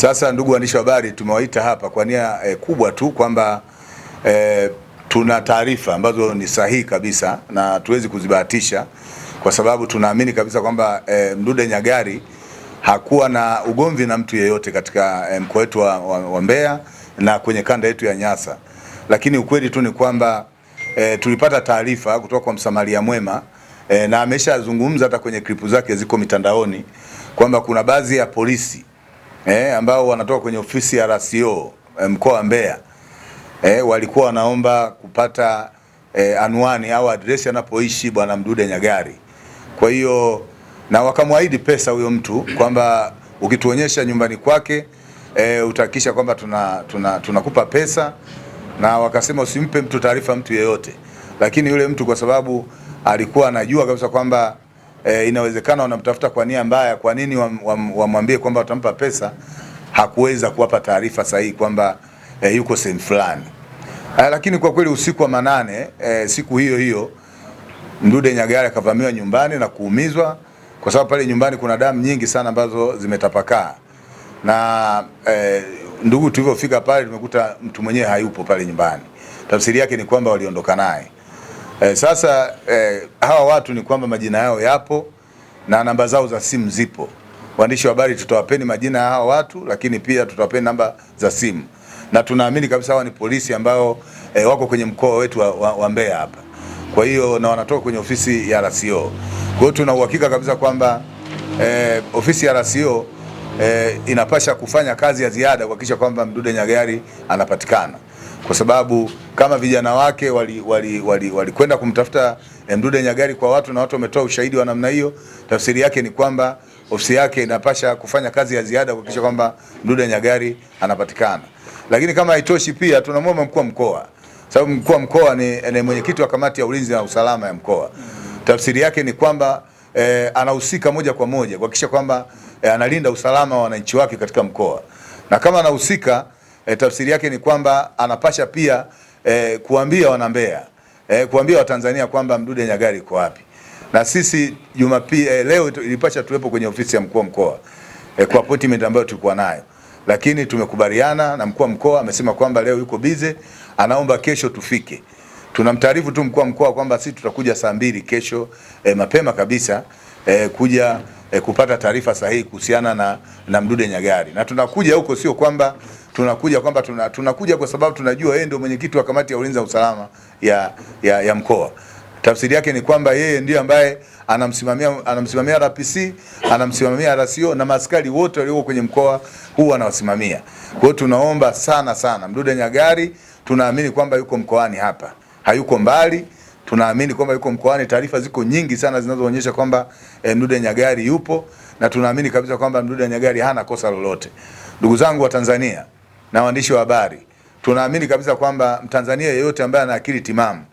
Sasa ndugu waandishi wa habari, tumewaita hapa kwa nia e, kubwa tu kwamba e, tuna taarifa ambazo ni sahihi kabisa na tuwezi kuzibahatisha kwa sababu tunaamini kabisa kwamba e, Mdude Nyagari hakuwa na ugomvi na mtu yeyote katika e, mkoa wetu wa, wa, wa Mbeya na kwenye kanda yetu ya Nyasa, lakini ukweli tu ni kwamba e, tulipata taarifa kutoka kwa msamaria mwema e, na ameshazungumza hata kwenye klipu zake ziko mitandaoni kwamba kuna baadhi ya polisi eh, ambao wanatoka kwenye ofisi ya RCO eh, mkoa wa Mbeya eh, walikuwa wanaomba kupata eh, anwani au adresi anapoishi bwana Mdude Nyagari. Kwa hiyo na wakamwahidi pesa huyo mtu kwamba ukituonyesha nyumbani kwake eh, utahakikisha kwamba tunakupa tuna, tuna pesa, na wakasema usimpe mtu taarifa mtu yeyote, lakini yule mtu kwa sababu alikuwa anajua kabisa kwamba e, inawezekana wanamtafuta kwa nia mbaya. Kwa nini wamwambie wa, wa kwamba watampa pesa? Hakuweza kuwapa taarifa sahihi kwamba e, yuko sehemu fulani e, lakini kwa kweli usiku wa manane e, siku hiyo hiyo Mdude Nyagare akavamiwa nyumbani na kuumizwa, kwa sababu pale nyumbani kuna damu nyingi sana ambazo zimetapakaa na e, ndugu, tulivyofika pale tumekuta mtu mwenyewe hayupo pale nyumbani. Tafsiri yake ni kwamba waliondoka naye. E, sasa e, hawa watu ni kwamba majina yao yapo na namba zao za simu zipo. Waandishi wa habari tutawapeni majina ya hawa watu, lakini pia tutawapeni namba za simu, na tunaamini kabisa hawa ni polisi ambao e, wako kwenye mkoa wetu wa, wa, wa Mbeya hapa, kwa hiyo na wanatoka kwenye ofisi ya RCO. Kwa hiyo tuna uhakika kabisa kwamba e, ofisi ya RCO e, inapasha kufanya kazi ya ziada kuhakikisha kwamba Mdude Nyagali anapatikana kwa sababu kama vijana wake walikwenda wali, wali, wali kumtafuta Mdude Nyagari kwa watu na watu wametoa ushahidi wa namna hiyo, tafsiri yake ni kwamba ofisi yake inapasha kufanya kazi ya ziada kuhakikisha kwamba Mdude Nyagari anapatikana. Lakini kama haitoshi, pia tunamwomba mkuu wa mkoa, sababu mkuu wa mkoa ni, ni mwenyekiti wa kamati ya ulinzi na usalama ya mkoa. Tafsiri yake ni kwamba eh, anahusika moja kwa moja kuhakikisha kwamba eh, analinda usalama wa wananchi wake katika mkoa, na kama anahusika e, tafsiri yake ni kwamba anapasha pia e, kuambia wanambea e, eh, kuambia Watanzania kwamba Mdude Nyagali iko wapi, na sisi Jumapili e, leo ilipasha tuwepo kwenye ofisi ya mkuu wa mkoa e, kwa appointment ambayo tulikuwa nayo, lakini tumekubaliana na mkuu wa mkoa amesema kwamba leo yuko bize, anaomba kesho tufike. Tunamtaarifu tu mkuu wa mkoa kwamba sisi tutakuja saa mbili kesho e, mapema kabisa e, kuja e, kupata taarifa sahihi kuhusiana na, na Mdude Nyagari na tunakuja huko, sio kwamba tunakuja kwamba tuna, tunakuja kwa sababu tunajua yeye ndio mwenyekiti wa kamati ya ulinzi na usalama ya, ya, ya mkoa. Tafsiri yake ni kwamba yeye ndiye ambaye anamsimamia anamsimamia RPC anamsimamia RCO na maaskari wote walioko kwenye mkoa huu anawasimamia. Kwa hiyo tunaomba sana sana Mdude Nyagari tunaamini kwamba yuko mkoani hapa, hayuko mbali tunaamini kwamba yuko mkoani. Taarifa ziko nyingi sana zinazoonyesha kwamba e, Mdude Nyagari yupo na tunaamini kabisa kwamba Mdude Nyagari hana kosa lolote. Ndugu zangu wa Tanzania na waandishi wa habari, tunaamini kabisa kwamba Mtanzania yeyote ambaye ana akili timamu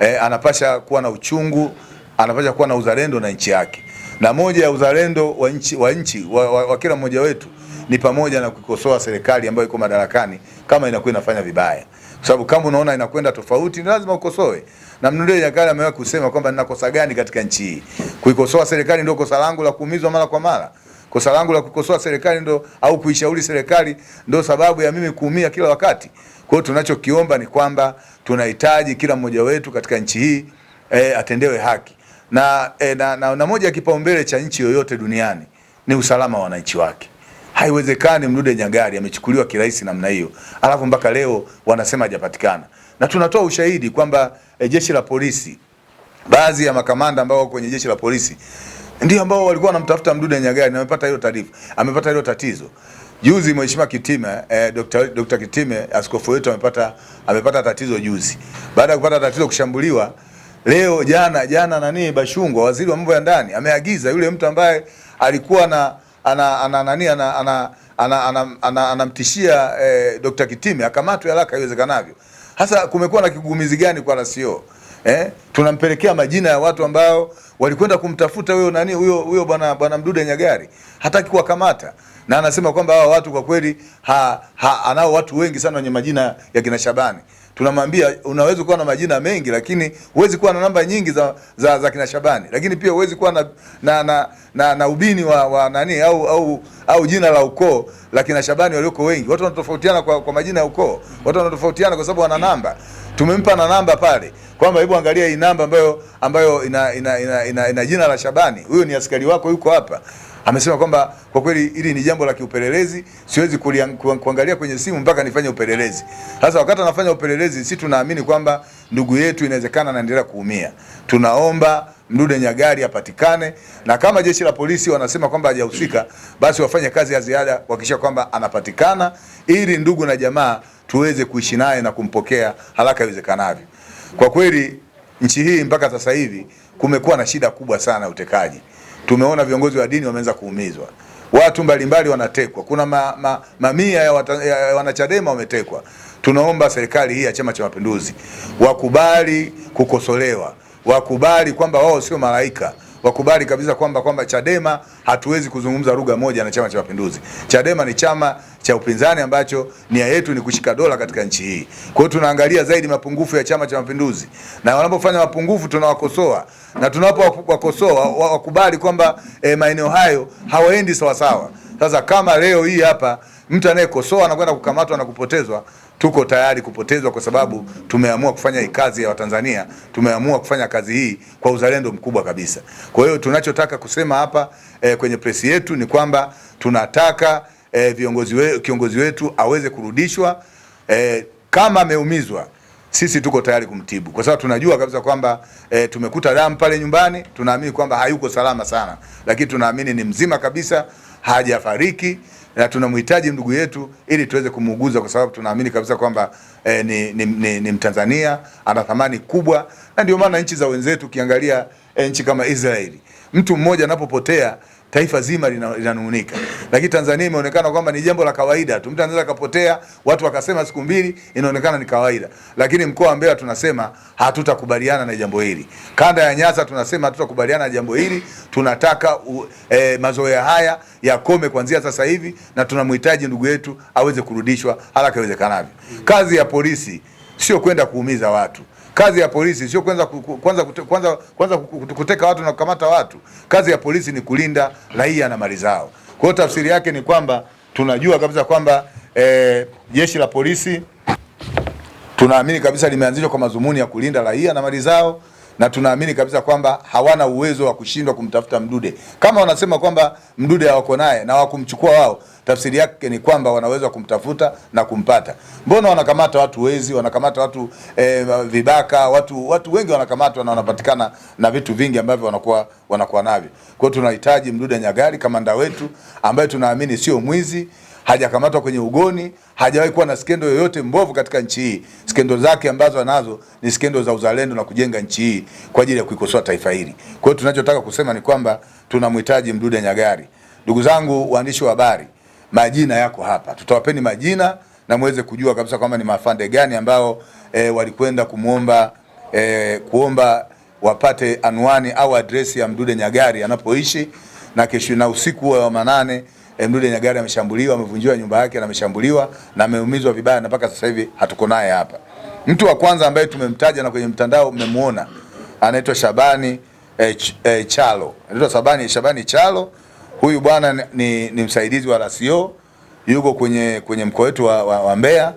e, anapasha kuwa na uchungu, anapasha kuwa na uzalendo na nchi yake, na moja ya uzalendo wa nchi wa nchi wa, wa, wa kila mmoja wetu ni pamoja na kukosoa serikali ambayo iko madarakani kama inakuwa inafanya vibaya sababu kama unaona inakwenda tofauti, lazima ukosoe. Na Mdude Nyagali amewahi kusema kwamba kosa gani katika nchi hii? Kuikosoa serikali ndio kosa langu la kuumizwa mara kwa mara, kosa langu la kukosoa serikali ndo, au kuishauri serikali ndo sababu ya mimi kuumia kila wakati. Kwa hiyo tunachokiomba ni kwamba tunahitaji kila mmoja wetu katika nchi hii e, atendewe haki na, e, na, na, na moja ya kipaumbele cha nchi yoyote duniani ni usalama wa wananchi wake. Haiwezekani Mdude Nyagari amechukuliwa kirahisi namna hiyo, alafu mpaka leo wanasema hajapatikana, na tunatoa ushahidi kwamba e, jeshi la polisi, baadhi ya makamanda ambao wako kwenye jeshi la polisi ndio ambao walikuwa wanamtafuta Mdude Nyagari na amepata hiyo taarifa, amepata hilo tatizo. Juzi Mheshimiwa Kitime eh, Dr. Dr. Kitime askofu wetu amepata amepata tatizo juzi, baada ya kupata tatizo kushambuliwa leo jana jana, nani Bashungwa, waziri wa mambo ya ndani, ameagiza yule mtu ambaye alikuwa na ana ana nani ana ana ana anamtishia eh, Dr. Kitime akamatwe haraka iwezekanavyo. Hasa kumekuwa na kigumizi gani kwa rasio? Eh, tunampelekea majina ya watu ambao walikwenda kumtafuta huyo nani huyo huyo bwana bwana Mdude Nyagari, hataki kuwakamata na anasema kwamba hawa watu kwa kweli ha, ha, anao watu wengi sana wenye majina ya kina Shabani tunamwambia unaweza kuwa na majina mengi, lakini huwezi kuwa na namba nyingi za za, za kina Shabani, lakini pia huwezi kuwa na na, na, na, na ubini wa, wa nani au au au jina la ukoo la kina Shabani walioko wengi. Watu wanatofautiana kwa, kwa majina ya ukoo, watu wanatofautiana kwa sababu wana namba. Tumempa na namba pale kwamba hebu angalia hii namba ambayo ambayo ina ina, ina, ina, ina jina la Shabani, huyo ni askari wako, yuko hapa amesema kwamba kwa kweli hili ni jambo la kiupelelezi, siwezi kuangalia kwenye simu mpaka nifanye upelelezi. Sasa wakati anafanya upelelezi, si tunaamini kwamba ndugu yetu inawezekana anaendelea kuumia. Tunaomba Mdude Nyagali apatikane, na kama jeshi la polisi wanasema kwamba hajahusika, basi wafanye kazi ya ziada kuhakikisha kwamba anapatikana, ili ndugu na jamaa tuweze kuishi naye na kumpokea haraka iwezekanavyo. Kwa kweli nchi hii mpaka sasa hivi kumekuwa na shida kubwa sana ya utekaji tumeona viongozi wa dini wameanza kuumizwa, watu mbalimbali wanatekwa, kuna mamia ma, mamia ya, wata, ya wanachadema wametekwa. Tunaomba serikali hii ya Chama cha Mapinduzi wakubali kukosolewa, wakubali kwamba wao sio malaika wakubali kabisa kwamba kwamba Chadema hatuwezi kuzungumza lugha moja na Chama cha Mapinduzi. Chadema ni chama cha upinzani ambacho nia yetu ni kushika dola katika nchi hii. Kwa hiyo tunaangalia zaidi mapungufu ya Chama cha Mapinduzi, na wanapofanya mapungufu tunawakosoa, na tunapowakosoa wakubali kwamba e, maeneo hayo hawaendi sawasawa. Sasa kama leo hii hapa mtu anayekosoa anakwenda kukamatwa na kupotezwa tuko tayari kupotezwa, kwa sababu tumeamua kufanya kazi ya Watanzania, tumeamua kufanya kazi hii kwa uzalendo mkubwa kabisa. Kwa hiyo tunachotaka kusema hapa e, kwenye presi yetu ni kwamba tunataka e, viongozi we, kiongozi wetu aweze kurudishwa e, kama ameumizwa sisi tuko tayari kumtibu kwa sababu tunajua kabisa kwamba e, tumekuta damu pale nyumbani. Tunaamini kwamba hayuko salama sana, lakini tunaamini ni mzima kabisa, hajafariki na tunamhitaji ndugu yetu ili tuweze kumuuguza, kwa sababu tunaamini kabisa kwamba eh, ni, ni, ni, ni Mtanzania ana thamani kubwa, na ndio maana nchi za wenzetu ukiangalia eh, nchi kama Israeli mtu mmoja anapopotea taifa zima linanung'unika, lakini Tanzania imeonekana kwamba ni jambo la kawaida tu. Mtu anaweza kapotea, watu wakasema siku mbili, inaonekana ni kawaida. Lakini mkoa wa Mbeya tunasema hatutakubaliana na jambo hili. Kanda ya Nyasa tunasema hatutakubaliana na jambo hili. Tunataka e, mazoea haya yakome kuanzia sasa hivi, na tunamhitaji ndugu yetu aweze kurudishwa haraka iwezekanavyo. Kazi ya polisi sio kwenda kuumiza watu. Kazi ya polisi sio kwanza kwanza kwanza kwanza kuteka watu na kukamata watu. Kazi ya polisi ni kulinda raia na mali zao. Kwa hiyo tafsiri yake ni kwamba tunajua kabisa kwamba e, jeshi la polisi tunaamini kabisa limeanzishwa kwa madhumuni ya kulinda raia na mali zao na tunaamini kabisa kwamba hawana uwezo wa kushindwa kumtafuta Mdude. Kama wanasema kwamba Mdude hawako naye na wakumchukua wao, tafsiri yake ni kwamba wanaweza kumtafuta na kumpata. Mbona wanakamata watu wezi, wanakamata watu e, vibaka, watu watu wengi wanakamatwa na wanapatikana na vitu vingi ambavyo wanakuwa wanakuwa navyo. Kwa hiyo tunahitaji Mdude Nyagali, kamanda wetu ambaye tunaamini sio mwizi hajakamatwa kwenye ugoni, hajawahi kuwa na skendo yoyote mbovu katika nchi hii. Skendo zake ambazo anazo ni skendo za uzalendo na kujenga nchi hii kwa ajili ya kuikosoa taifa hili. Kwa hiyo tunachotaka kusema ni kwamba tunamhitaji Mdude Nyagari. Ndugu zangu waandishi wa habari, majina yako hapa, tutawapeni majina na muweze kujua kabisa kwamba ni mafande gani ambao e, walikwenda kumwomba e, eh, kuomba wapate anwani au adresi ya Mdude Nyagari anapoishi na kesho na usiku wa manane Mdude Nyagali ameshambuliwa, amevunjiwa nyumba yake na ameshambuliwa na ameumizwa vibaya, na mpaka sasa hivi hatuko naye hapa. Mtu wa kwanza ambaye tumemtaja na kwenye mtandao mmemuona anaitwa Shabani eh, eh, Chalo, anaitwa Shabani, Shabani Chalo. Huyu bwana ni, ni msaidizi wa RCO yuko kwenye, kwenye mkoa wetu wa, wa, wa Mbeya